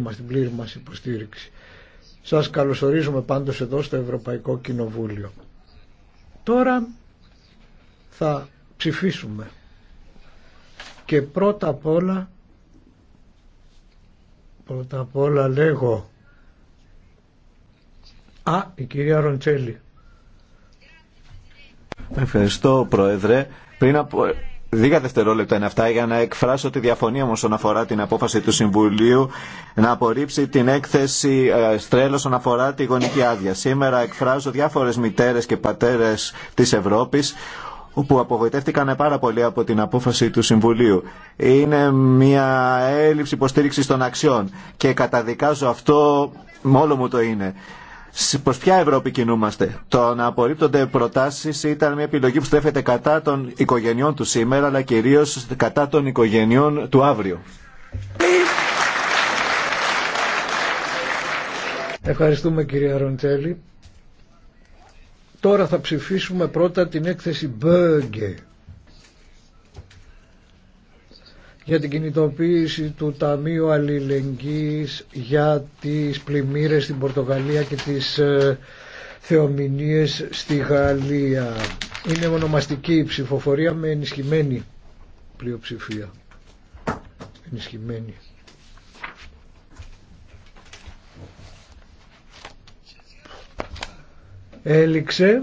μας, την πλήρη μας Σας καλωσορίζουμε πάντως εδώ στο Ευρωπαϊκό Κοινοβούλιο. Τώρα θα ψηφίσουμε και πρώτα απ' όλα πρώτα απ' όλα λέγω Α, η κυρία Ροντσέλη. Ευχαριστώ Πρόεδρε. Πριν από Λίγα δευτερόλεπτα είναι αυτά για να εκφράσω τη διαφωνία μου όσον αφορά την απόφαση του Συμβουλίου να απορρίψει την έκθεση ε, στρέλο όσον αφορά τη γονική άδεια. Σήμερα εκφράζω διάφορες μητέρες και πατέρες της Ευρώπης που απογοητεύτηκαν πάρα πολύ από την απόφαση του Συμβουλίου. Είναι μια έλλειψη υποστήριξη των αξιών και καταδικάζω αυτό, μόνο μου το είναι. Προ ποια Ευρώπη κινούμαστε. Το να απορρίπτονται προτάσει ήταν μια επιλογή που στρέφεται κατά των οικογενειών του σήμερα, αλλά κυρίω κατά των οικογενειών του αύριο. Ευχαριστούμε κύριε Ροντσέλη. Τώρα θα ψηφίσουμε πρώτα την έκθεση Μπέργκε. για την κινητοποίηση του Ταμείου Αλληλεγγύης για τις πλημμύρες στην Πορτογαλία και τις ε, θεομηνίες στη Γαλλία. Είναι ονομαστική η ψηφοφορία με ενισχυμένη πλειοψηφία. Ενισχυμένη. Έληξε.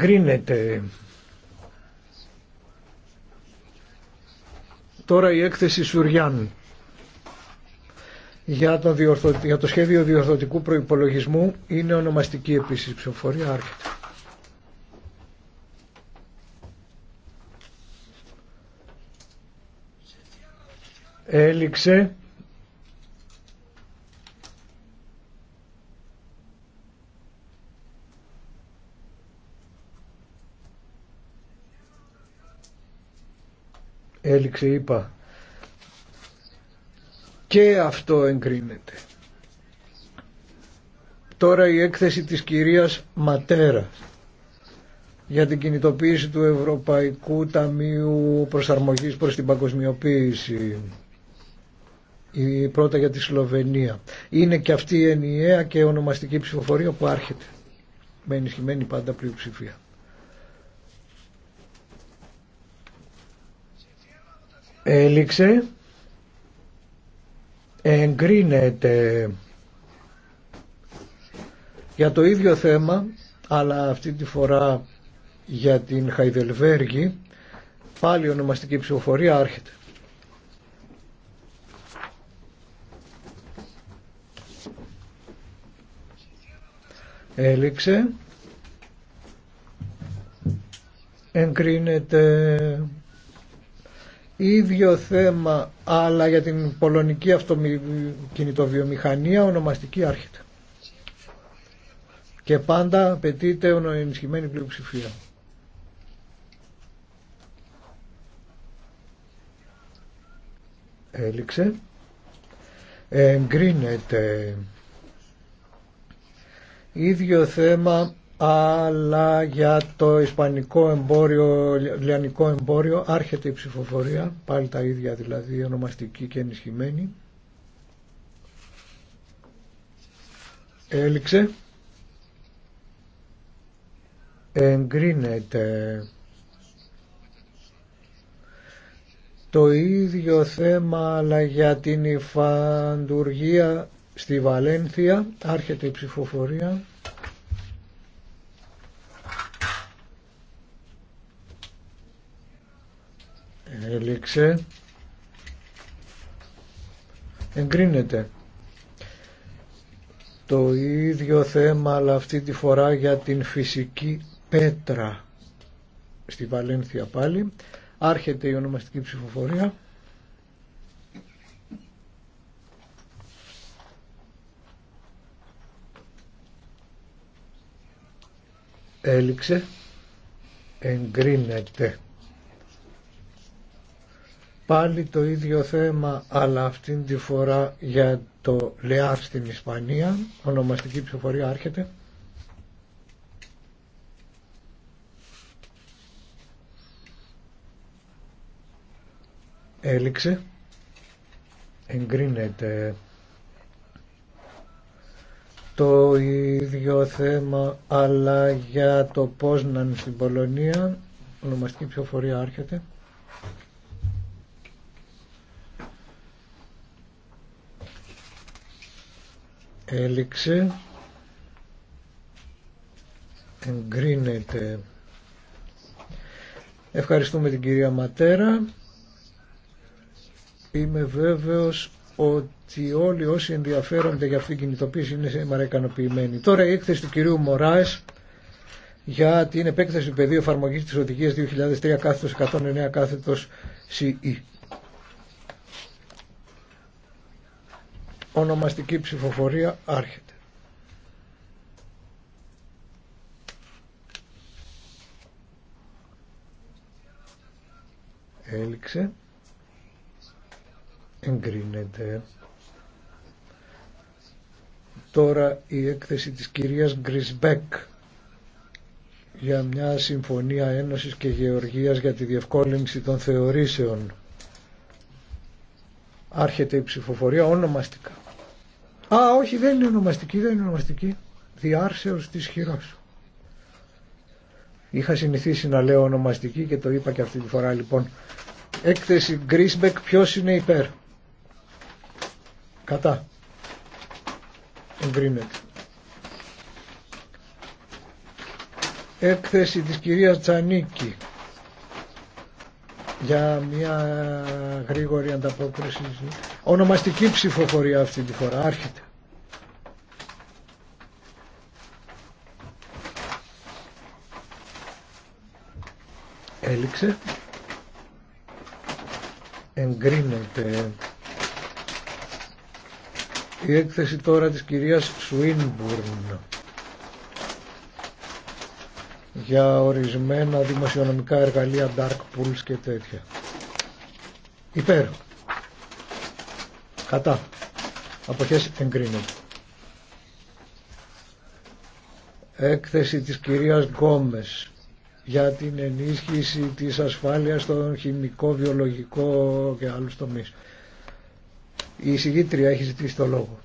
εγκρίνεται. Τώρα η έκθεση Σουριάν για το, για το σχέδιο διορθωτικού προϋπολογισμού είναι ονομαστική επίσης ψηφοφορία άρχεται. Έληξε. έληξε είπα και αυτό εγκρίνεται. Τώρα η έκθεση της κυρίας Ματέρα για την κινητοποίηση του Ευρωπαϊκού Ταμείου Προσαρμογής προς την Παγκοσμιοποίηση. Η πρώτα για τη Σλοβενία. Είναι και αυτή η ενιαία και ονομαστική ψηφοφορία που άρχεται με ενισχυμένη πάντα πλειοψηφία. Έληξε. Εγκρίνεται για το ίδιο θέμα, αλλά αυτή τη φορά για την Χαϊδελβέργη, πάλι ονομαστική ψηφοφορία άρχεται. Έληξε. Εγκρίνεται ίδιο θέμα αλλά για την πολωνική αυτοκινητοβιομηχανία ονομαστική άρχεται. Και πάντα απαιτείται ενισχυμένη πλειοψηφία. Έληξε. Εγκρίνεται. Ίδιο θέμα αλλά για το ισπανικό εμπόριο, λιανικό εμπόριο άρχεται η ψηφοφορία, πάλι τα ίδια δηλαδή, ονομαστική και ενισχυμένη. Έληξε. Εγκρίνεται. Το ίδιο θέμα αλλά για την υφαντουργία στη Βαλένθια άρχεται η ψηφοφορία. Έληξε. Εγκρίνεται. Το ίδιο θέμα αλλά αυτή τη φορά για την φυσική πέτρα. Στη Βαλένθια πάλι. Άρχεται η ονομαστική ψηφοφορία. Έληξε. Εγκρίνεται πάλι το ίδιο θέμα αλλά αυτήν τη φορά για το ΛΕΑΡ στην Ισπανία ονομαστική ψηφοφορία άρχεται έληξε εγκρίνεται το ίδιο θέμα αλλά για το Πόσναν στην Πολωνία ονομαστική ψηφοφορία άρχεται έληξε εγκρίνεται ευχαριστούμε την κυρία Ματέρα είμαι βέβαιος ότι όλοι όσοι ενδιαφέρονται για αυτή την κινητοποίηση είναι σήμερα ικανοποιημένοι τώρα η έκθεση του κυρίου Μωράς για την επέκταση του πεδίου εφαρμογής της οδηγίας 2003 109 κάθετος CE Ονομαστική ψηφοφορία άρχεται. Έληξε. Εγκρίνεται. Τώρα η έκθεση της κυρίας Γκρισμπέκ για μια συμφωνία ένωσης και γεωργίας για τη διευκόλυνση των θεωρήσεων. Άρχεται η ψηφοφορία ονομαστικά. Α, όχι, δεν είναι ονομαστική, δεν είναι ονομαστική. Διάρσεως της χειρός. Είχα συνηθίσει να λέω ονομαστική και το είπα και αυτή τη φορά λοιπόν. Έκθεση Γκρίσμπεκ, ποιος είναι υπέρ. Κατά. Εγκρίνεται. Έκθεση της κυρίας Τσανίκη για μια γρήγορη ανταπόκριση. Ονομαστική ψηφοφορία αυτή τη φορά άρχεται. Έληξε. Εγκρίνεται. Η έκθεση τώρα της κυρίας Σουίνμπουρν για ορισμένα δημοσιονομικά εργαλεία, dark pools και τέτοια. Υπέρ. Κατά. Αποχές εγκρίνεται. Έκθεση της κυρίας Γκόμες για την ενίσχυση της ασφάλειας στον χημικό, βιολογικό και άλλους τομείς. Η εισηγήτρια έχει ζητήσει το λόγο.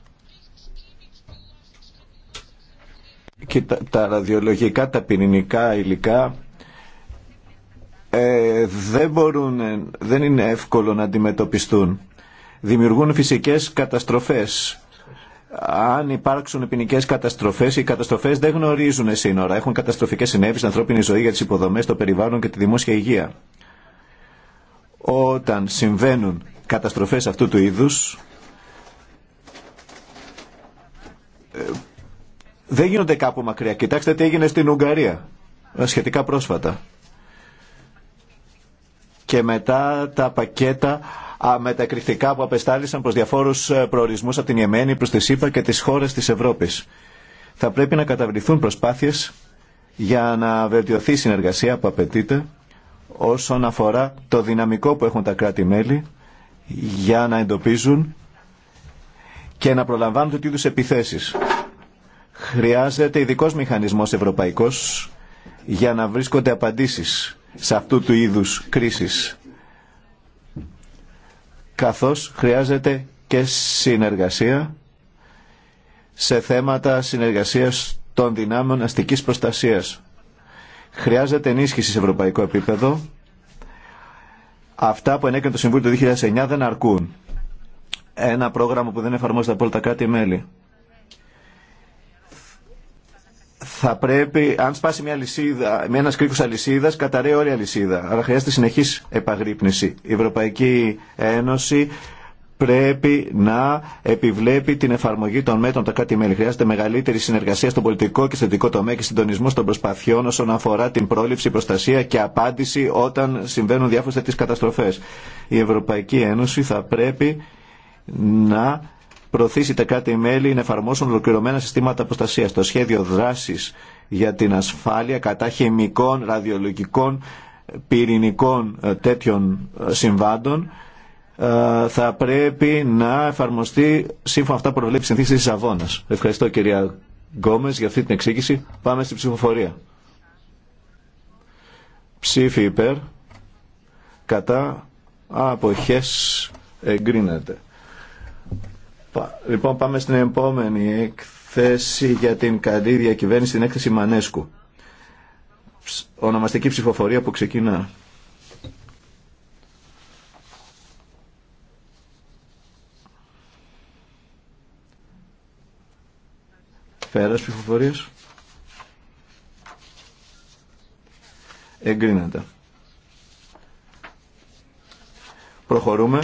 Και τα ραδιολογικά, τα πυρηνικά υλικά ε, δεν, δεν είναι εύκολο να αντιμετωπιστούν. Δημιουργούν φυσικές καταστροφές. Αν υπάρξουν ποινικέ καταστροφέ, οι καταστροφέ δεν γνωρίζουν σύνορα. Έχουν καταστροφικέ συνέπειε στην ανθρώπινη ζωή για τι υποδομέ, το περιβάλλον και τη δημόσια υγεία. Όταν συμβαίνουν καταστροφέ αυτού του είδου δεν γίνονται κάπου μακριά. Κοιτάξτε τι έγινε στην Ουγγαρία ε, σχετικά πρόσφατα. Και μετά τα πακέτα μετακριτικά που απεστάλησαν προς διαφόρους ε, προορισμούς από την Ιεμένη, προς τη ΣΥΠΑ και τις χώρες της Ευρώπης. Θα πρέπει να καταβληθούν προσπάθειες για να βελτιωθεί η συνεργασία που απαιτείται όσον αφορά το δυναμικό που έχουν τα κράτη-μέλη για να εντοπίζουν και να προλαμβάνουν τέτοιου επιθέσεις. Χρειάζεται ειδικό μηχανισμό Ευρωπαϊκό για να βρίσκονται απαντήσεις σε αυτού του είδους κρίσεις. Καθώς χρειάζεται και συνεργασία σε θέματα συνεργασίας των δυνάμεων αστικής προστασίας. Χρειάζεται ενίσχυση σε ευρωπαϊκό επίπεδο. Αυτά που ενέκρινε το Συμβούλιο του 2009 δεν αρκούν. Ένα πρόγραμμα που δεν εφαρμόζεται από όλα τα κράτη-μέλη. θα πρέπει, αν σπάσει μια λυσίδα, με ένα κρίκο αλυσίδα, καταραίει όλη η αλυσίδα. Άρα χρειάζεται συνεχή επαγρύπνηση. Η Ευρωπαϊκή Ένωση πρέπει να επιβλέπει την εφαρμογή των μέτρων τα κάτι μέλη. Χρειάζεται μεγαλύτερη συνεργασία στον πολιτικό και στεντικό τομέα και συντονισμό των προσπαθειών όσον αφορά την πρόληψη, προστασία και απάντηση όταν συμβαίνουν διάφορε τέτοιε καταστροφέ. Η Ευρωπαϊκή Ένωση θα πρέπει να προωθήσει τα κράτη-μέλη να εφαρμόσουν ολοκληρωμένα συστήματα προστασία. Το σχέδιο δράση για την ασφάλεια κατά χημικών, ραδιολογικών, πυρηνικών ε, τέτοιων ε, συμβάντων ε, θα πρέπει να εφαρμοστεί σύμφωνα αυτά που προβλέπει η συνθήκη τη Ευχαριστώ κυρία Γκόμε για αυτή την εξήγηση. Πάμε στην ψηφοφορία. Ψήφι υπέρ, κατά, αποχές εγκρίνεται. Λοιπόν, πάμε στην επόμενη εκθέση για την καλή διακυβέρνηση, την έκθεση Μανέσκου. Ονομαστική ψηφοφορία που ξεκινά. Πέρας ψηφοφορίας. Εγκρίνεται. Προχωρούμε.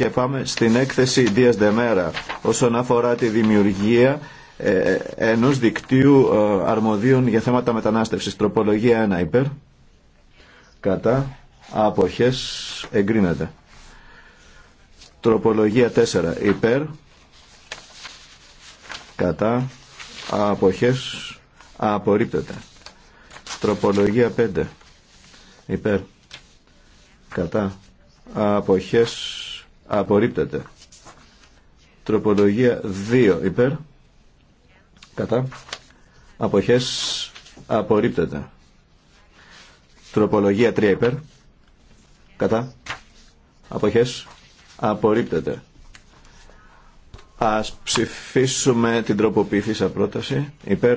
Και πάμε στην έκθεση Δίας μέρα όσον αφορά τη δημιουργία ε, ενός δικτύου ε, αρμοδίων για θέματα μετανάστευσης. Τροπολογία 1 υπέρ, κατά, αποχές, εγκρίνεται. Τροπολογία 4 υπέρ, κατά, αποχές, απορρίπτεται. Τροπολογία 5 υπέρ, κατά, αποχές, απορρίπτεται. Τροπολογία 2 υπέρ, κατά, αποχές απορρίπτεται. Τροπολογία 3 υπέρ, κατά, αποχές απορρίπτεται. Ας ψηφίσουμε την τροποποιηθήσα πρόταση υπέρ,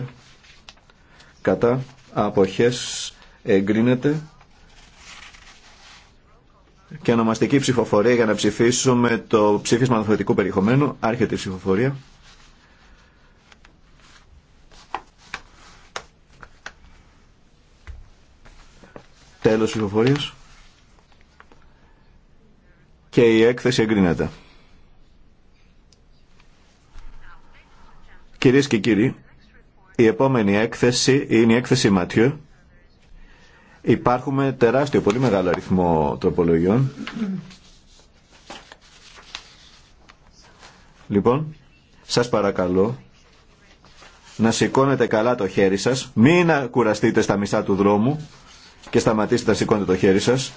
κατά, αποχές εγκρίνεται και ονομαστική ψηφοφορία για να ψηφίσουμε το ψήφισμα αναφορετικού περιεχομένου. Άρχεται η ψηφοφορία. Τέλος ψηφοφορίας. Και η έκθεση εγκρίνεται. Κυρίες και κύριοι, η επόμενη έκθεση είναι η έκθεση Ματιού Υπάρχουμε τεράστιο, πολύ μεγάλο αριθμό τροπολογιών. Λοιπόν, σας παρακαλώ να σηκώνετε καλά το χέρι σας, μην κουραστείτε στα μισά του δρόμου και σταματήστε να σηκώνετε το χέρι σας.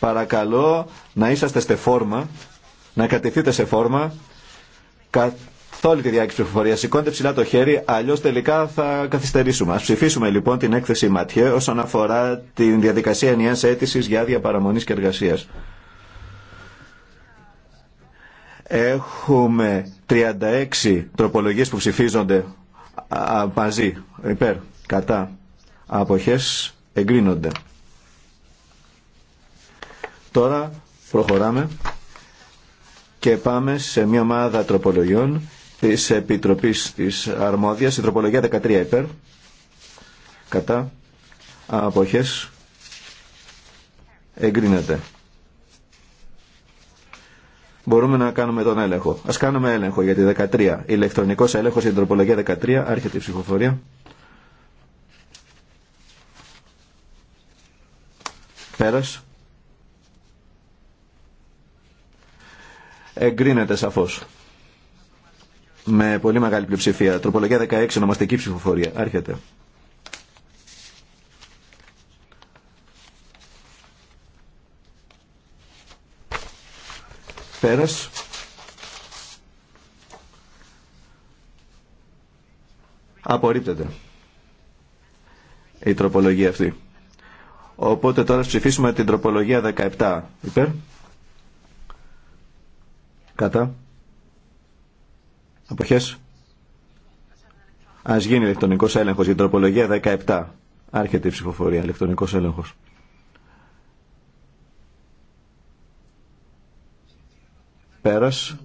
Παρακαλώ να είσαστε σε φόρμα, να κατευθείτε σε φόρμα, θόλη τη διάρκεια τη ψηφοφορία. Σηκώντε ψηλά το χέρι, αλλιώ τελικά θα καθυστερήσουμε. Α ψηφίσουμε λοιπόν την έκθεση Ματιέ όσον αφορά τη διαδικασία ενιαία αίτηση για άδεια παραμονή και εργασία. Έχουμε 36 τροπολογίες που ψηφίζονται μαζί, υπέρ, κατά, αποχές, εγκρίνονται. Τώρα προχωράμε και πάμε σε μια ομάδα τροπολογιών της Επιτροπής της Αρμόδιας, η τροπολογία 13 υπέρ, κατά αποχές εγκρίνεται. Μπορούμε να κάνουμε τον έλεγχο. Ας κάνουμε έλεγχο για τη 13. Ηλεκτρονικός έλεγχος για την τροπολογία 13. Άρχεται η ψηφοφορία. Πέρας. Εγκρίνεται σαφώς με πολύ μεγάλη πλειοψηφία. Τροπολογία 16, ονομαστική ψηφοφορία. Άρχεται. Πέρας. Απορρίπτεται η τροπολογία αυτή. Οπότε τώρα ψηφίσουμε την τροπολογία 17. Υπέρ. Κατά. Αποχές. Ας γίνει ηλεκτρονικός έλεγχος για την τροπολογία 17. Άρχεται η ψηφοφορία, ηλεκτρονικός έλεγχος. Πέρας.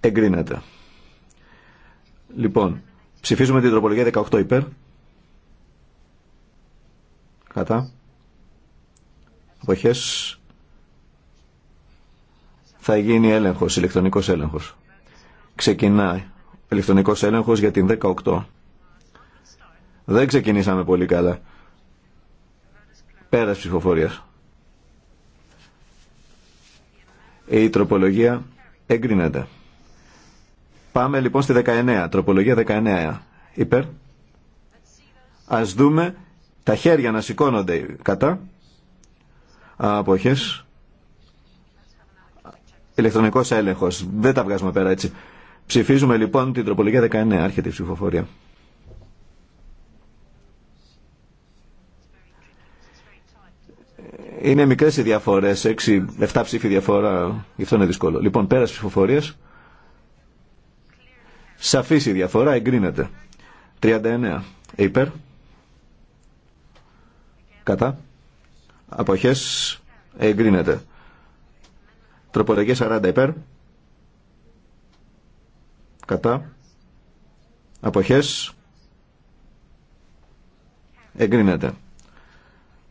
Εγκρίνεται. Λοιπόν, ψηφίζουμε την τροπολογία 18 υπέρ. Κατά. Αποχές θα γίνει έλεγχος, ηλεκτρονικός έλεγχος. Ξεκινάει ηλεκτρονικός έλεγχος για την 18. Δεν ξεκινήσαμε πολύ καλά. Πέρας ψηφοφορίας. Η τροπολογία εγκρίνεται. Πάμε λοιπόν στη 19, τροπολογία 19. Υπέρ. Ας δούμε τα χέρια να σηκώνονται κατά. Αποχές ηλεκτρονικός έλεγχος. Δεν τα βγάζουμε πέρα έτσι. Ψηφίζουμε λοιπόν την τροπολογία 19. Άρχεται η ψηφοφορία. Είναι μικρές οι διαφορές, 6-7 ψήφοι διαφορά, γι' αυτό είναι δύσκολο. Λοιπόν, πέρας ψηφοφορία. σαφής η διαφορά, εγκρίνεται. 39. Υπέρ. Κατά. Αποχές. Εγκρίνεται. Τροπολογία 40 υπέρ. Κατά. Αποχές. Εγκρίνεται.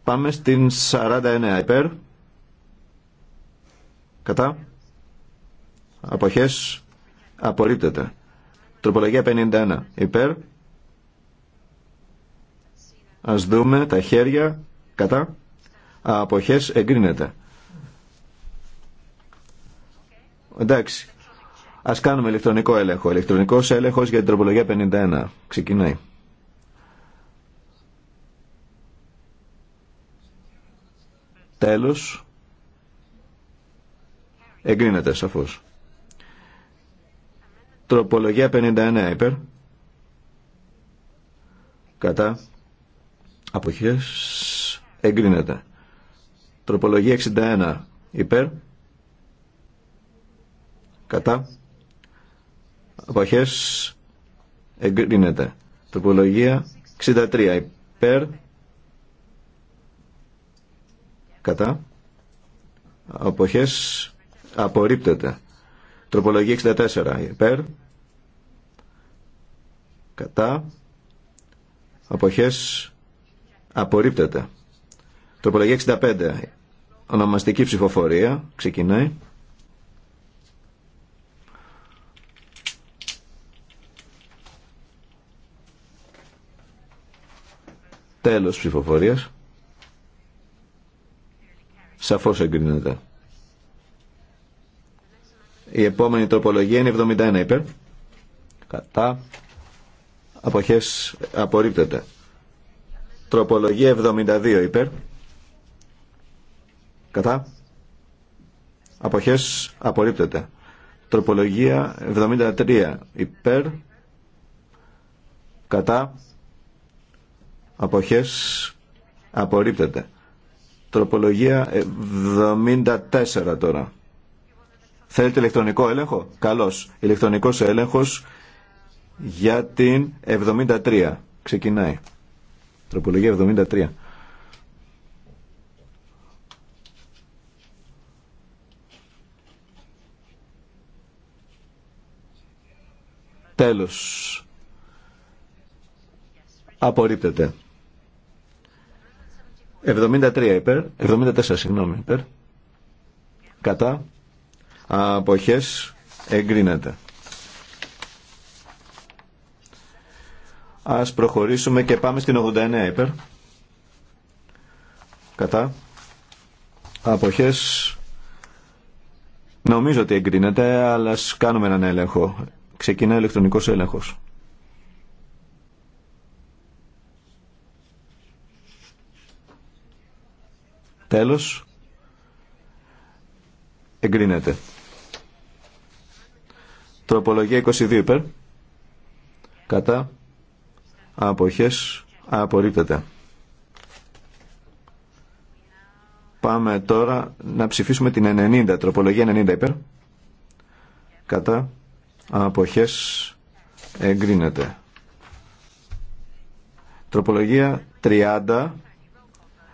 Πάμε στην 49 υπέρ. Κατά. Αποχές. Απορρίπτεται. Τροπολογία 51 υπέρ. Ας δούμε τα χέρια. Κατά. Αποχές εγκρίνεται. Εντάξει. Α κάνουμε ηλεκτρονικό έλεγχο. Ηλεκτρονικό έλεγχο για την τροπολογία 51. Ξεκινάει. Τέλος. Εγκρίνεται σαφώς. Τροπολογία 59 υπέρ. Κατά. Αποχές. Εγκρίνεται. Τροπολογία 61 υπέρ κατά αποχές εγκρίνεται τροπολογία 63 υπέρ κατά αποχές απορρίπτεται τροπολογία 64 υπέρ κατά αποχές απορρίπτεται τροπολογία 65 ονομαστική ψηφοφορία ξεκινάει Τέλος ψηφοφορίας. Σαφώς εγκρίνεται. Η επόμενη τροπολογία είναι 71 υπέρ. Κατά. Αποχές απορρίπτεται. Τροπολογία 72 υπέρ. Κατά. Αποχές απορρίπτεται. Τροπολογία 73 υπέρ. Κατά αποχές απορρίπτεται. Τροπολογία 74 τώρα. Θέλετε ηλεκτρονικό έλεγχο. Καλώς. Ηλεκτρονικός έλεγχος για την 73. Ξεκινάει. Τροπολογία 73. Τέλος. Απορρίπτεται. 73 υπέρ, 74 συγγνώμη υπέρ, κατά αποχές εγκρίνεται. Ας προχωρήσουμε και πάμε στην 89 υπέρ, κατά αποχές Νομίζω ότι εγκρίνεται, αλλά ας κάνουμε έναν έλεγχο. Ξεκινά ηλεκτρονικός έλεγχος. Τέλος, εγκρίνεται. Τροπολογία 22 υπέρ. Κατά. Αποχές. Απορρίπτεται. Πάμε τώρα να ψηφίσουμε την 90. Τροπολογία 90 υπέρ. Κατά. Αποχές. Εγκρίνεται. Τροπολογία 30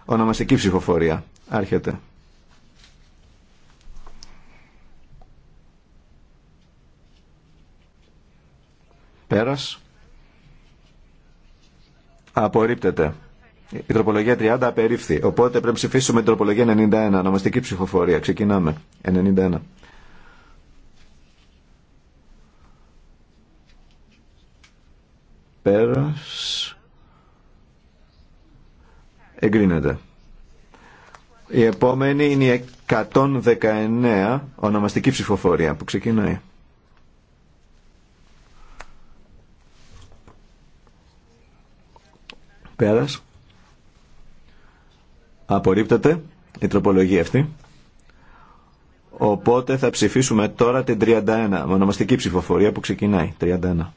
Ονομαστική ψηφοφορία. Άρχεται. Πέρας. Απορρίπτεται. Η τροπολογία 30 απερίφθη. Οπότε πρέπει να ψηφίσουμε την τροπολογία 91. Ονομαστική ψηφοφορία. Ξεκινάμε. 91. Πέρας εγκρίνεται. Η επόμενη είναι η 119 ονομαστική ψηφοφορία που ξεκινάει. Πέρας. Απορρίπτεται η τροπολογία αυτή. Οπότε θα ψηφίσουμε τώρα την 31, ονομαστική ψηφοφορία που ξεκινάει. 31.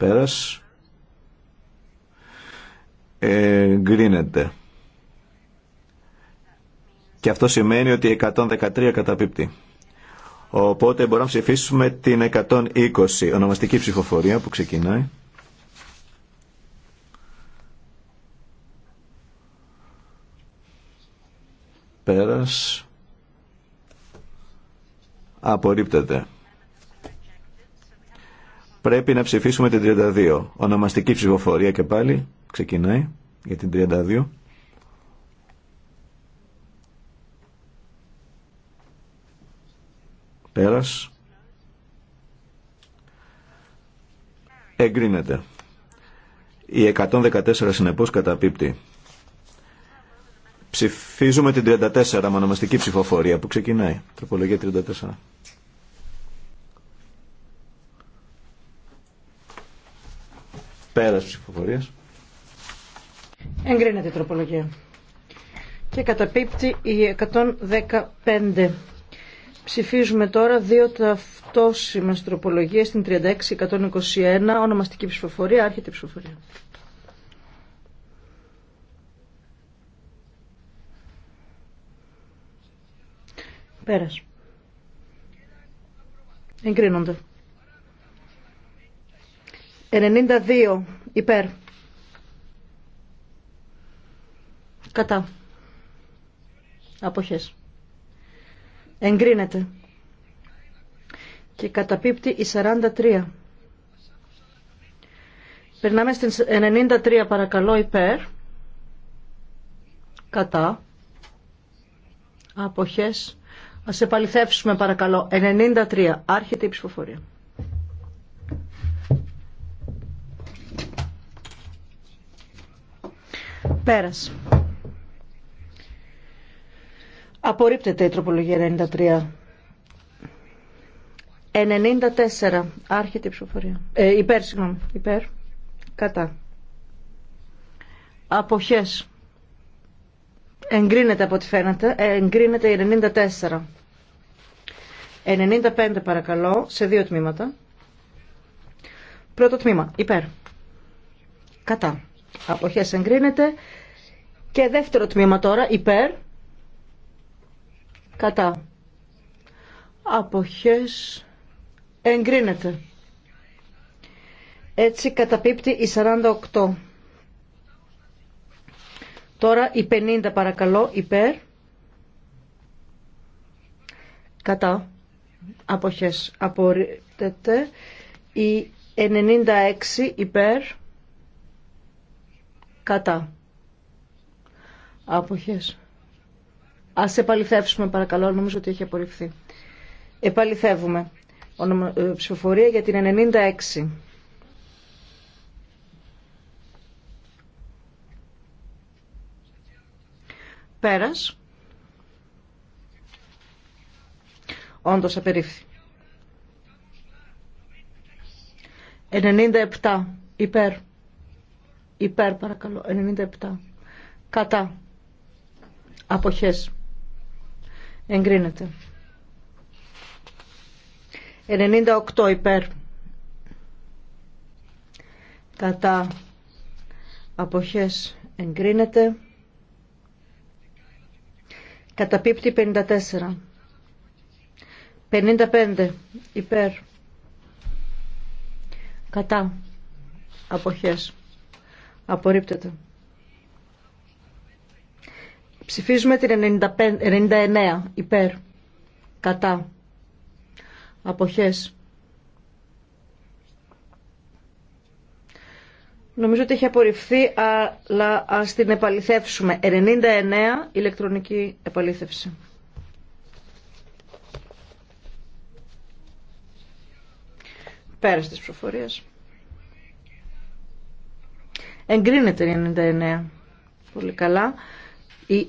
Πέρας. γκρίνεται Και αυτό σημαίνει ότι 113 καταπίπτει. Οπότε μπορούμε να ψηφίσουμε την 120, ονομαστική ψηφοφορία που ξεκινάει. Πέρας. Απορρίπτεται. Πρέπει να ψηφίσουμε την 32. Ονομαστική ψηφοφορία και πάλι ξεκινάει για την 32. Πέρας. Εγκρίνεται. Η 114 συνεπώς καταπίπτει. Ψηφίζουμε την 34 με ονομαστική ψηφοφορία που ξεκινάει. Τροπολογία 34. Πέρας ψηφοφορίας. Εγκρίνεται η τροπολογία. Και καταπίπτει η 115. Ψηφίζουμε τώρα δύο ταυτόσιμες τροπολογίε στην 36-121, ονομαστική ψηφοφορία, άρχεται ψηφοφορία. Πέρας. Εγκρίνονται. 92 υπέρ. Κατά. Αποχές. Εγκρίνεται. Και καταπίπτει η 43. Περνάμε στην 93 παρακαλώ υπέρ. Κατά. Αποχές. Ας επαληθεύσουμε παρακαλώ. 93. Άρχεται η ψηφοφορία. Πέρας. Απορρίπτεται η τροπολογία 93. 94. Άρχεται η ψηφοφορία. Ε, υπέρ, συγγνώμη. Υπέρ. Κατά. Αποχές. Εγκρίνεται από ό,τι φαίνεται. Ε, εγκρίνεται η 94. 95 παρακαλώ, σε δύο τμήματα. Πρώτο τμήμα. Υπέρ. Κατά. Αποχές εγκρίνεται. Και δεύτερο τμήμα τώρα, υπέρ. Κατά. Αποχές εγκρίνεται. Έτσι καταπίπτει η 48. Τώρα η 50 παρακαλώ, υπέρ. Κατά. Αποχές απορρίπτεται. Η 96 υπέρ κατά άποχες. Ας επαληθεύσουμε παρακαλώ, νομίζω ότι έχει απορριφθεί. Επαληθεύουμε. ονομα ε, Ψηφοφορία για την 96. Πέρας. Όντως απερίφθη. 97 υπέρ. Υπέρ παρακαλώ. 97. Κατά. Αποχές. Εγκρίνεται. 98 υπέρ. Κατά. Αποχές. Εγκρίνεται. Καταπίπτει 54. 55 υπέρ. Κατά. Αποχές Απορρίπτεται. Ψηφίζουμε την 95, 99 υπέρ. Κατά. Αποχές. Νομίζω ότι έχει απορριφθεί, αλλά ας την επαληθεύσουμε. 99 ηλεκτρονική επαλήθευση. Πέρας της προφορίες. Εγκρίνεται 99. Πολύ καλά.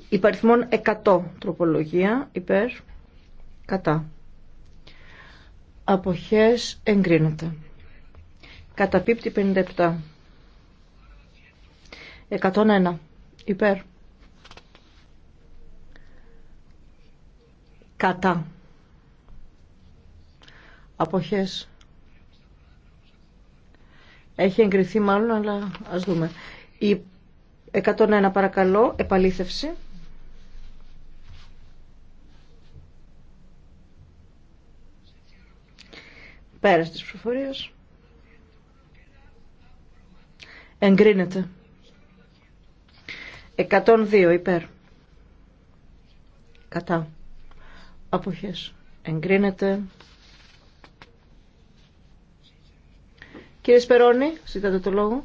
Υπαριθμών 100 τροπολογία υπέρ κατά. Αποχές εγκρίνεται. Καταπίπτει 57. 101 υπέρ. Κατά. Αποχές έχει εγκριθεί μάλλον, αλλά ας δούμε. Η 101 παρακαλώ, επαλήθευση. Πέρας της προφορίας. Εγκρίνεται. 102 υπέρ. Κατά. Αποχές. Εγκρίνεται. Κύριε Σπερώνη, ζητάτε το λόγο.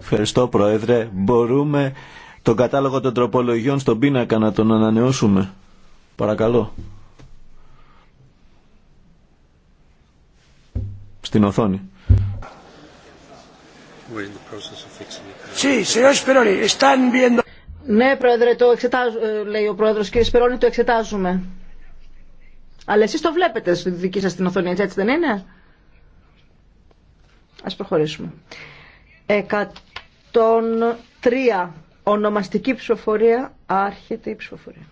Ευχαριστώ Πρόεδρε. Μπορούμε τον κατάλογο των τροπολογιών στον πίνακα να τον ανανεώσουμε. Παρακαλώ. Στην οθόνη. Ναι, Πρόεδρε, το εξετάζουμε, λέει ο Πρόεδρος. Κύριε Σπερόνι, το εξετάζουμε. Αλλά εσείς το βλέπετε στη δική σας την οθόνη, έτσι δεν είναι. Ας προχωρήσουμε. 103. Ονομαστική ψηφοφορία. Άρχεται η ψηφοφορία.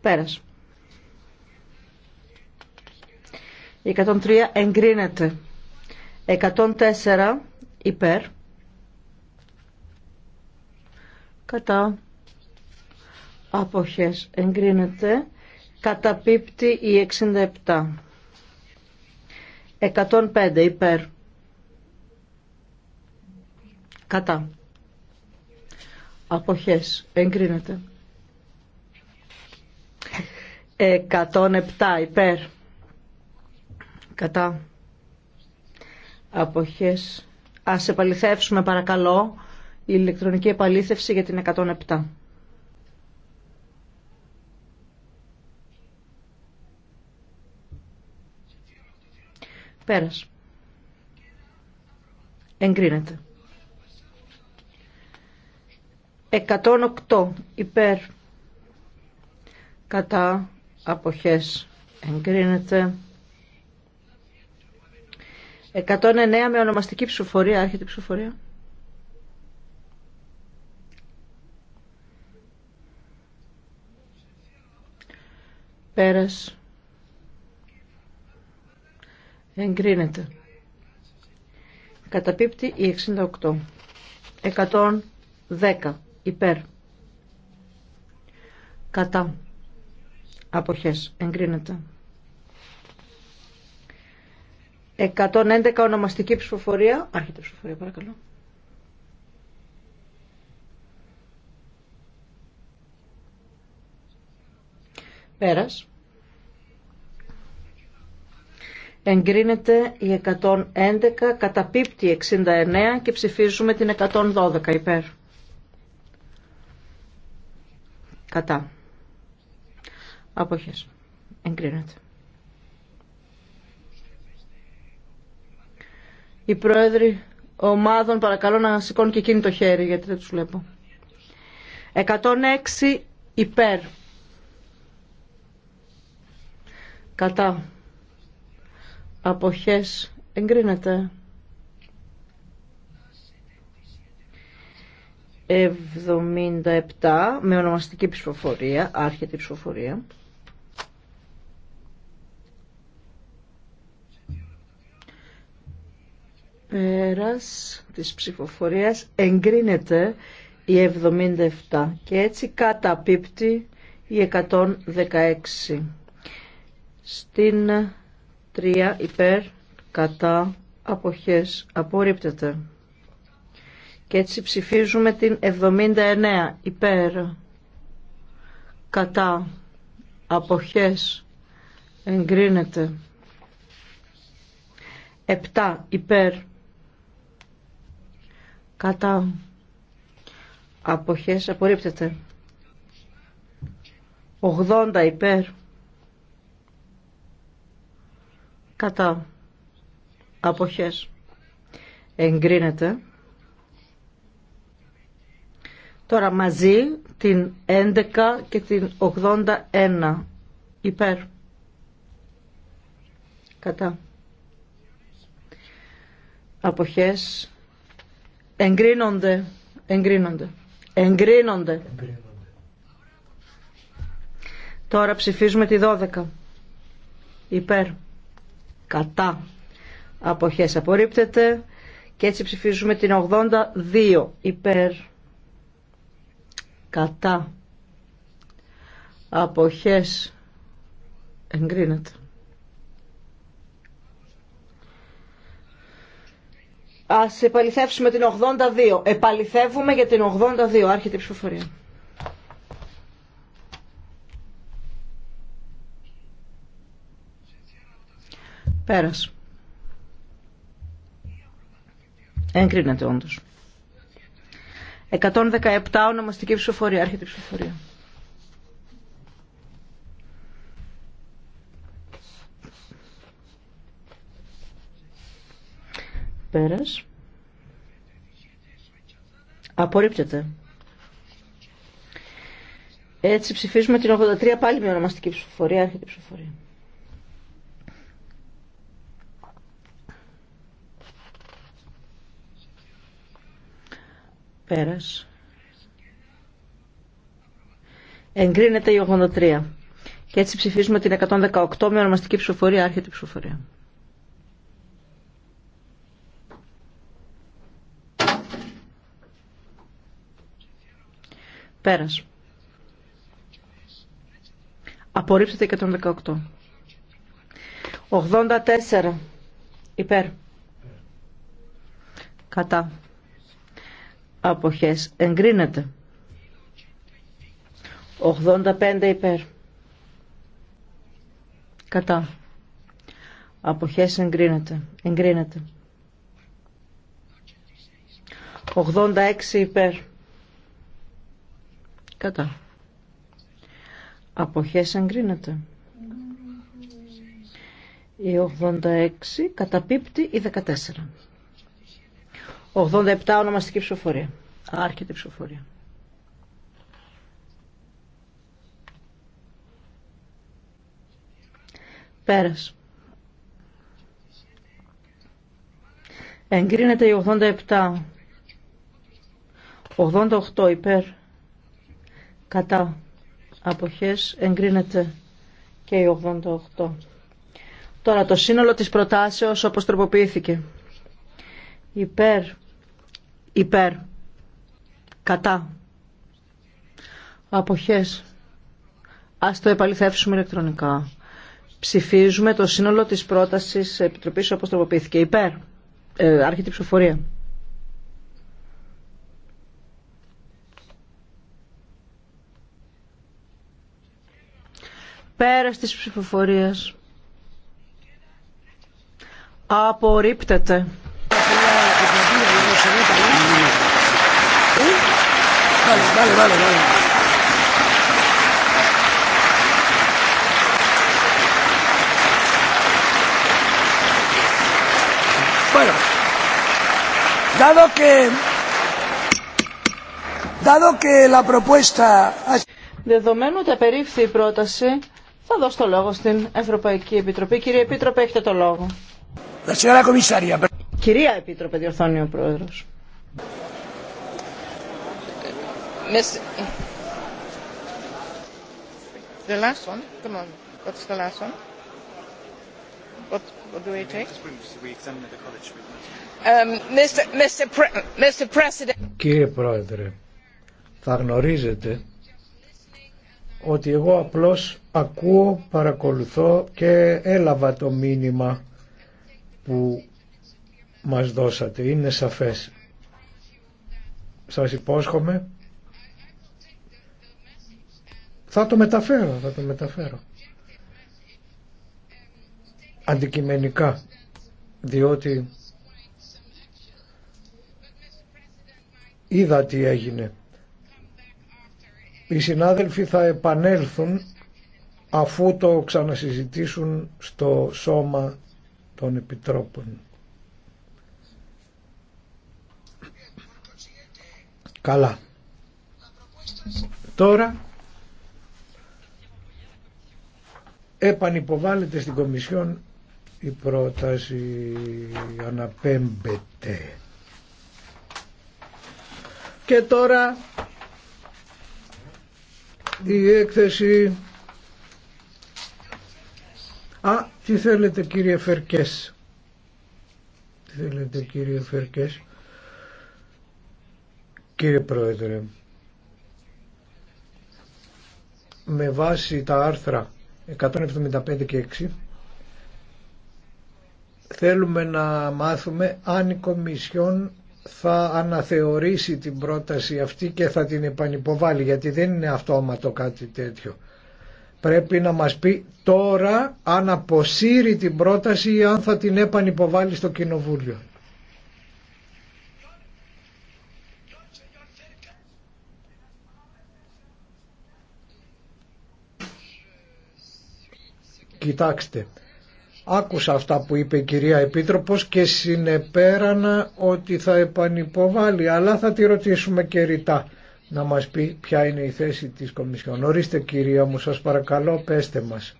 Πέρας. Η 103 εγκρίνεται. 104 υπέρ. Κατά. Αποχές εγκρίνεται. Καταπίπτει η 67. 105 υπέρ. Κατά. Αποχές. Εγκρίνεται. 107 υπέρ. Κατά. Αποχές. Ας επαληθεύσουμε παρακαλώ η ηλεκτρονική επαλήθευση για την 107. Πέρας. Εγκρίνεται. 108 υπέρ κατά αποχές εγκρίνεται 109 με ονομαστική ψηφοφορία άρχεται η ψηφοφορία πέρας εγκρίνεται. Καταπίπτει η 68. 110 υπέρ. Κατά. Αποχές. Εγκρίνεται. 111 ονομαστική ψηφοφορία. Άρχεται ψηφοφορία παρακαλώ. Πέρας. Εγκρίνεται η 111, καταπίπτει 69 και ψηφίζουμε την 112 υπέρ. Κατά. Αποχές. Εγκρίνεται. Οι πρόεδροι ομάδων παρακαλώ να σηκώνουν και εκείνη το χέρι γιατί δεν τους βλέπω. 106 υπέρ. Κατά αποχές εγκρίνεται 77 με ονομαστική ψηφοφορία άρχεται η ψηφοφορία πέρας της ψηφοφορίας εγκρίνεται η 77 και έτσι καταπίπτει η 116 στην 3 υπέρ κατά αποχές απορρίπτεται. Και έτσι ψηφίζουμε την 79 υπέρ κατά αποχές εγκρίνεται. 7 υπέρ κατά αποχές απορρίπτεται. 80 υπέρ κατά αποχές εγκρίνεται. Τώρα μαζί την 11 και την 81 υπέρ κατά αποχές εγκρίνονται, εγκρίνονται, εγκρίνονται. Τώρα ψηφίζουμε τη 12 υπέρ κατά αποχές απορρίπτεται και έτσι ψηφίζουμε την 82 υπέρ κατά αποχές εγκρίνεται. Ας επαληθεύσουμε την 82. Επαληθεύουμε για την 82. Άρχεται η ψηφοφορία. Πέρας. Εγκρίνεται όντως. 117 ονομαστική ψηφοφορία. Άρχεται η ψηφοφορία. Πέρας. Απορρίπτεται. Έτσι ψηφίζουμε την 83 πάλι με ονομαστική ψηφοφορία. Άρχεται η ψηφοφορία. Πέρας. Εγκρίνεται η 83. Και έτσι ψηφίζουμε την 118 με ονομαστική ψηφοφορία, άρχεται ψηφοφορία. Πέρας. Απορρίψετε 118. 84. Υπέρ. Κατά αποχές εγκρίνεται. 85 υπέρ. Κατά. Αποχές εγκρίνεται. Εγκρίνεται. 86 υπέρ. Κατά. Αποχές εγκρίνεται. Η 86 καταπίπτει η 14. 87 ονομαστική ψηφοφορία. Άρχεται η ψηφοφορία. Πέρας. Εγκρίνεται η 87. 88 υπέρ. Κατά. Αποχές εγκρίνεται και η 88. Τώρα το σύνολο της προτάσεως όπως τροποποιήθηκε. Υπέρ υπέρ κατά αποχές ας το επαληθεύσουμε ηλεκτρονικά ψηφίζουμε το σύνολο της πρότασης επιτροπής όπως τροποποιήθηκε υπέρ ε, άρχεται η ψηφοφορία πέρας της ψηφοφορίας απορρίπτεται se nota, ¿no? ¿Sí? Vale, vale, vale, vale. Bueno, dado que, dado que la propuesta... Δεδομένου ότι απερίφθη η πρόταση, θα δώσω το λόγο στην Ευρωπαϊκή Επιτροπή. Κύριε Επίτροπε, έχετε το λόγο. La señora comisaria, Κυρία Επίτροπε, διορθώνει ο Πρόεδρος. Um, Κύριε Πρόεδρε, θα γνωρίζετε ότι εγώ απλώς ακούω, παρακολουθώ και έλαβα το μήνυμα που μας δώσατε. Είναι σαφές. Σας υπόσχομαι. Θα το μεταφέρω, θα το μεταφέρω. Αντικειμενικά, διότι είδα τι έγινε. Οι συνάδελφοι θα επανέλθουν αφού το ξανασυζητήσουν στο σώμα των Επιτρόπων. Καλά. Τώρα επανυποβάλλεται στην Κομισιόν η πρόταση αναπέμπεται. Και τώρα η έκθεση... Α, τι θέλετε κύριε Φερκές. Τι θέλετε κύριε Φερκές. Κύριε Πρόεδρε, με βάση τα άρθρα 175 και 6 θέλουμε να μάθουμε αν η Κομισιόν θα αναθεωρήσει την πρόταση αυτή και θα την επανυποβάλει γιατί δεν είναι αυτόματο κάτι τέτοιο. Πρέπει να μας πει τώρα αν αποσύρει την πρόταση ή αν θα την επανυποβάλει στο Κοινοβούλιο. Κοιτάξτε, άκουσα αυτά που είπε η κυρία Επίτροπος και συνεπέρανα ότι θα επανυποβάλει, αλλά θα τη ρωτήσουμε και ρητά να μας πει ποια είναι η θέση της Κομισιόν. Ορίστε κυρία μου, σας παρακαλώ πέστε μας.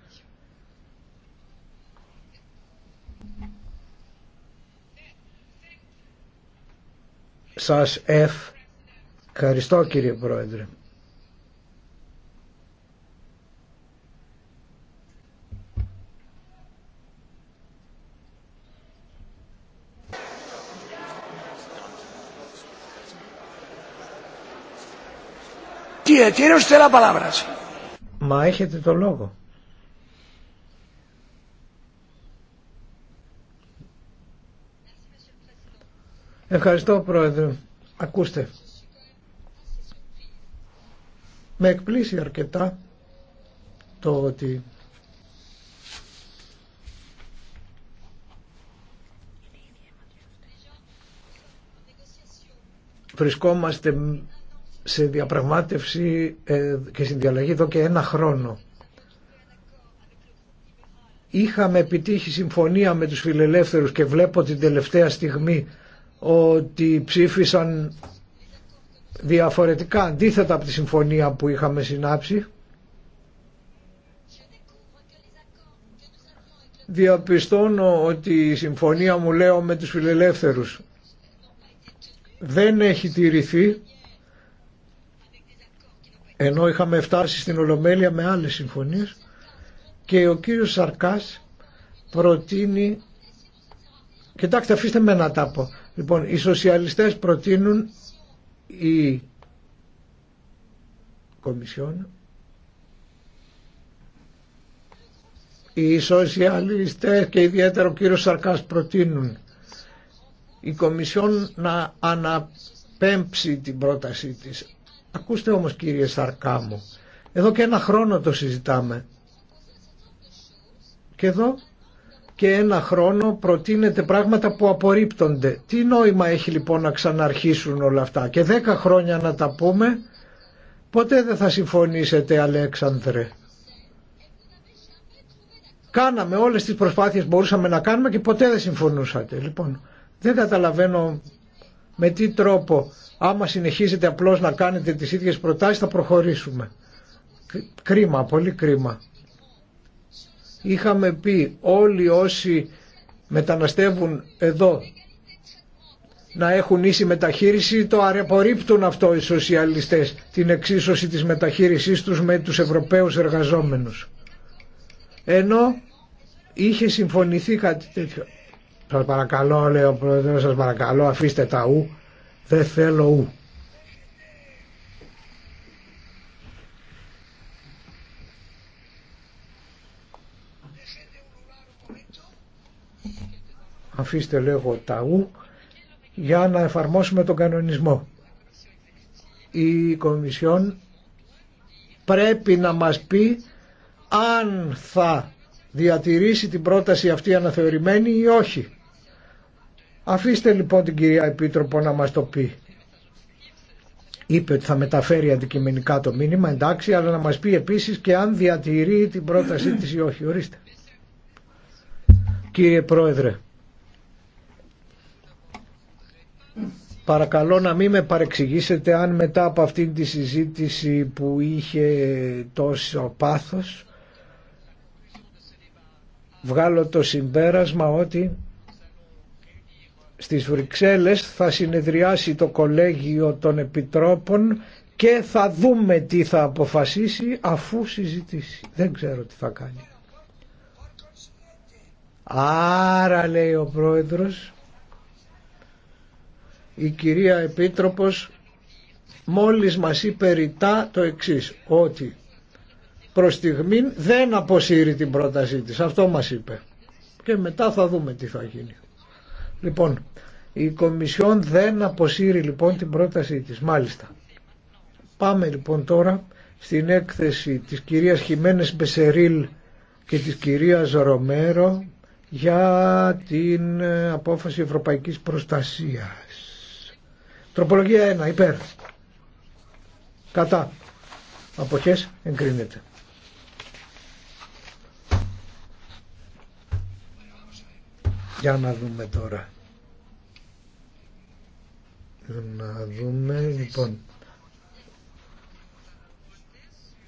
Σας ευχαριστώ κύριε Πρόεδρε. Μα έχετε το λόγο. Ευχαριστώ πρόεδρε. Ακούστε. Με εκπλήσει αρκετά το ότι βρισκόμαστε σε διαπραγμάτευση ε, και συνδιαλλαγή εδώ και ένα χρόνο. Είχαμε επιτύχει συμφωνία με τους φιλελεύθερους και βλέπω την τελευταία στιγμή ότι ψήφισαν διαφορετικά αντίθετα από τη συμφωνία που είχαμε συνάψει. Διαπιστώνω ότι η συμφωνία μου λέω με τους φιλελεύθερους δεν έχει τηρηθεί ενώ είχαμε φτάσει στην Ολομέλεια με άλλες συμφωνίες και ο κύριος Σαρκάς προτείνει κοιτάξτε αφήστε με να τα πω λοιπόν οι σοσιαλιστές προτείνουν η Κομισιόν οι σοσιαλιστές και ιδιαίτερα ο κύριος Σαρκάς προτείνουν η Κομισιόν να αναπέμψει την πρότασή της Ακούστε όμως κύριε Σαρκάμου, εδώ και ένα χρόνο το συζητάμε. Και εδώ και ένα χρόνο προτείνεται πράγματα που απορρίπτονται. Τι νόημα έχει λοιπόν να ξαναρχίσουν όλα αυτά και δέκα χρόνια να τα πούμε ποτέ δεν θα συμφωνήσετε Αλέξανδρε. Κάναμε όλες τις προσπάθειες που μπορούσαμε να κάνουμε και ποτέ δεν συμφωνούσατε. Λοιπόν, δεν καταλαβαίνω με τι τρόπο άμα συνεχίζετε απλώς να κάνετε τις ίδιες προτάσεις θα προχωρήσουμε. Κρίμα, πολύ κρίμα. Είχαμε πει όλοι όσοι μεταναστεύουν εδώ να έχουν ίση μεταχείριση το αρεπορρίπτουν αυτό οι σοσιαλιστές την εξίσωση της μεταχείρισής τους με τους Ευρωπαίους εργαζόμενους ενώ είχε συμφωνηθεί κάτι τέτοιο σας παρακαλώ, λέει ο πρόεδρο, σα παρακαλώ αφήστε τα ου. Δεν θέλω ου. Αφήστε λέγω τα ου για να εφαρμόσουμε τον κανονισμό. Η Κομισιόν πρέπει να μας πει αν θα διατηρήσει την πρόταση αυτή αναθεωρημένη ή όχι. Αφήστε λοιπόν την κυρία Επίτροπο να μας το πει. Είπε ότι θα μεταφέρει αντικειμενικά το μήνυμα, εντάξει, αλλά να μας πει επίσης και αν διατηρεί την πρότασή της ή όχι. Ορίστε. Κύριε Πρόεδρε, παρακαλώ να μην με παρεξηγήσετε αν μετά από αυτήν τη συζήτηση που είχε τόσο πάθος βγάλω το συμπέρασμα ότι στις Βρυξέλλες θα συνεδριάσει το Κολέγιο των Επιτρόπων και θα δούμε τι θα αποφασίσει αφού συζητήσει. Δεν ξέρω τι θα κάνει. Άρα λέει ο πρόεδρος η κυρία Επίτροπος μόλις μας είπε ρητά το εξής ότι προς στιγμήν δεν αποσύρει την πρότασή της αυτό μας είπε και μετά θα δούμε τι θα γίνει Λοιπόν, η Κομισιόν δεν αποσύρει λοιπόν την πρότασή της, μάλιστα. Πάμε λοιπόν τώρα στην έκθεση της κυρίας Χιμένες Μπεσερίλ και της κυρίας Ρομέρο για την ε, απόφαση ευρωπαϊκής προστασίας. Τροπολογία 1, υπέρ. Κατά. Αποχές εγκρίνεται. Για να δούμε τώρα. Να δούμε λοιπόν.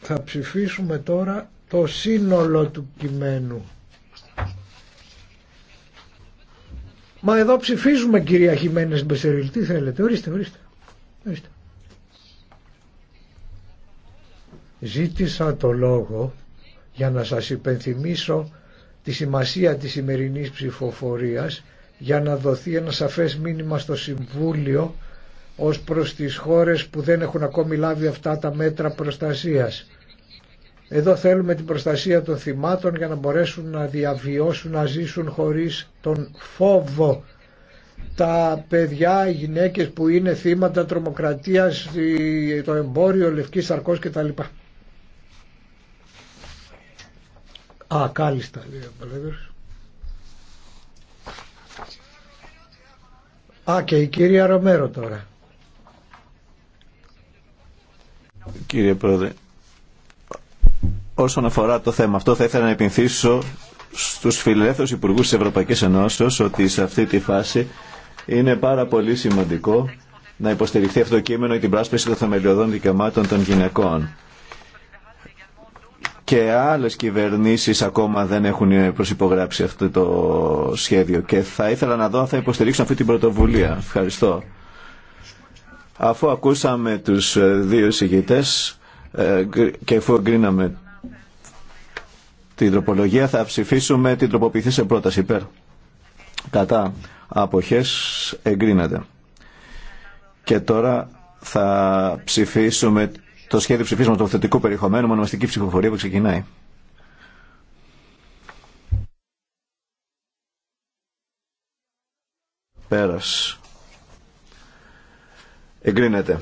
Θα ψηφίσουμε τώρα το σύνολο του κειμένου. Μα εδώ ψηφίζουμε κυρία Χιμένες Μπεσεριλ. Τι θέλετε. Ορίστε, ορίστε. ορίστε. Ζήτησα το λόγο για να σας υπενθυμίσω τη σημασία της σημερινής ψηφοφορίας για να δοθεί ένα σαφές μήνυμα στο Συμβούλιο ως προς τις χώρες που δεν έχουν ακόμη λάβει αυτά τα μέτρα προστασίας. Εδώ θέλουμε την προστασία των θυμάτων για να μπορέσουν να διαβιώσουν, να ζήσουν χωρίς τον φόβο. Τα παιδιά, οι γυναίκες που είναι θύματα τρομοκρατίας, το εμπόριο, λευκής σαρκός κτλ. Α, κάλλιστα λέει ο Πρόεδρος. Α, και η κυρία Ρομέρο τώρα. Κύριε Πρόεδρε, όσον αφορά το θέμα αυτό θα ήθελα να επινθύσω στους φιλελεύθερους υπουργούς της Ευρωπαϊκής Ενώσεως ότι σε αυτή τη φάση είναι πάρα πολύ σημαντικό να υποστηριχθεί αυτό το κείμενο για την πράσπιση των θεμελιωδών δικαιωμάτων των γυναικών και άλλες κυβερνήσεις ακόμα δεν έχουν προσυπογράψει αυτό το σχέδιο και θα ήθελα να δω αν θα υποστηρίξουν αυτή την πρωτοβουλία. Ευχαριστώ. Αφού ακούσαμε τους δύο συγγητές ε, και αφού εγκρίναμε την τροπολογία θα ψηφίσουμε την τροποποιηθή σε πρόταση υπέρ. Κατά αποχές εγκρίνεται. Και τώρα θα ψηφίσουμε το σχέδιο ψηφίσματο του θετικού περιεχομένου με ονομαστική ψηφοφορία που ξεκινάει. Πέρας. Εγκρίνεται.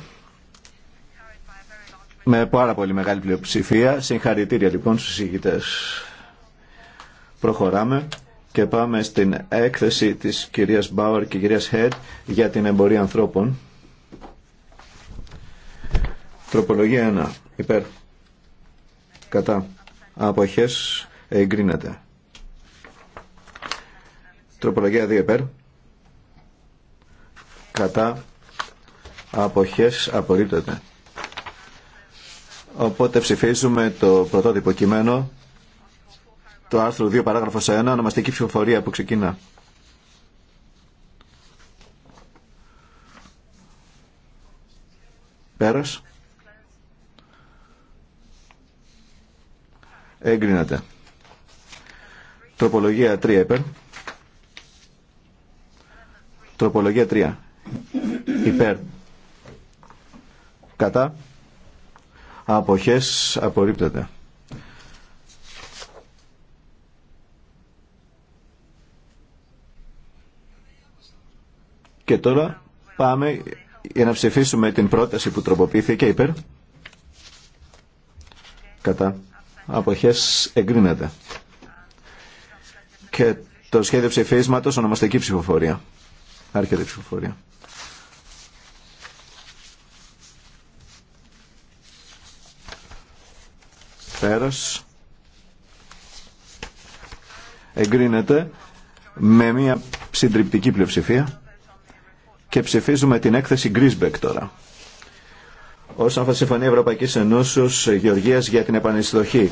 Με πάρα πολύ μεγάλη πλειοψηφία. Συγχαρητήρια λοιπόν στους ηγητές. Προχωράμε και πάμε στην έκθεση της κυρίας Μπάουερ και κυρίας Χέντ για την εμπορία ανθρώπων. Τροπολογία 1. Υπέρ. Κατά. Αποχές εγκρίνεται. Τροπολογία 2 υπέρ. Κατά. Αποχές απορρίπτεται. Οπότε ψηφίζουμε το πρωτότυπο κείμενο. Το άρθρο 2 παράγραφος 1. Ονομαστική ψηφοφορία που ξεκινά. Πέρας. Εγκρίνατε. Τροπολογία 3 υπέρ. Τροπολογία 3. Υπέρ. Κατά. Αποχές απορρίπτεται. Και τώρα πάμε για να ψηφίσουμε την πρόταση που τροποποιήθηκε υπέρ. Κατά αποχές εγκρίνεται. Και το σχέδιο ψηφίσματος ονομαστική ψηφοφορία. Άρχεται η ψηφοφορία. Πέρας. Εγκρίνεται με μια συντριπτική πλειοψηφία και ψηφίζουμε την έκθεση Γκρίσμπεκ τώρα όσον αφορά τη Συμφωνία Ευρωπαϊκή για την επανεισδοχή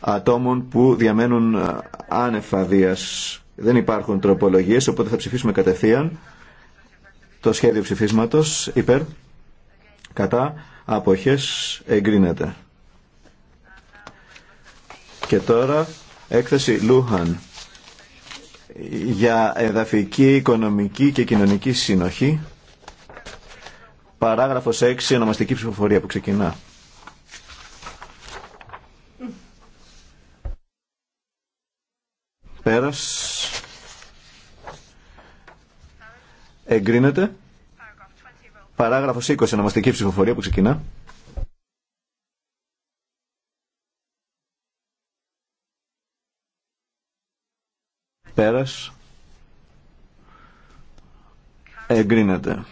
ατόμων που διαμένουν ε, άνευ Δεν υπάρχουν τροπολογίες, οπότε θα ψηφίσουμε κατευθείαν το σχέδιο ψηφίσματος υπέρ, κατά, αποχές, εγκρίνεται. Και τώρα έκθεση Λούχαν για εδαφική, οικονομική και κοινωνική συνοχή. Παράγραφος 6, ονομαστική ψηφοφορία που ξεκινά. Πέρας. Εγκρίνεται. Παράγραφος 20, ονομαστική ψηφοφορία που ξεκινά. Πέρας. Εγκρίνεται.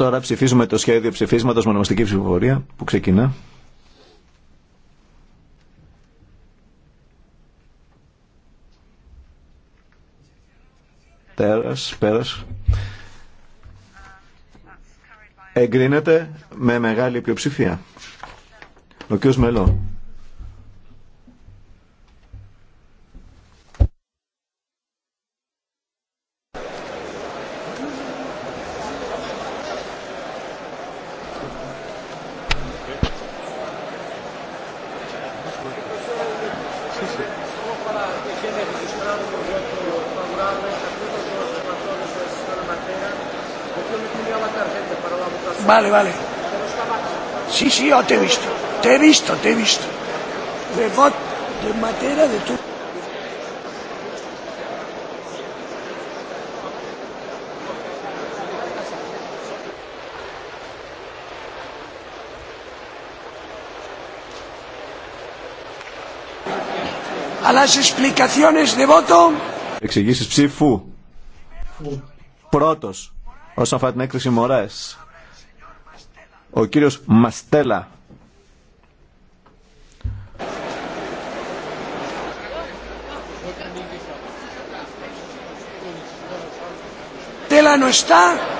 Τώρα ψηφίζουμε το σχέδιο ψηφίσματος με ονομαστική ψηφοφορία που ξεκινά. Τέρας, πέρας. Εγκρίνεται με μεγάλη πλειοψηφία. Ο κ. Μελό. vale, vale. Sí, sí, yo te he visto. Te he visto, te he visto. Le bot, de materia de tu. A las explicaciones de voto. Εξηγήσεις ψήφου. Πρώτος, όσον αφορά την έκθεση Μωρές ο κύριος Μαστέλα. Τέλα νοστά.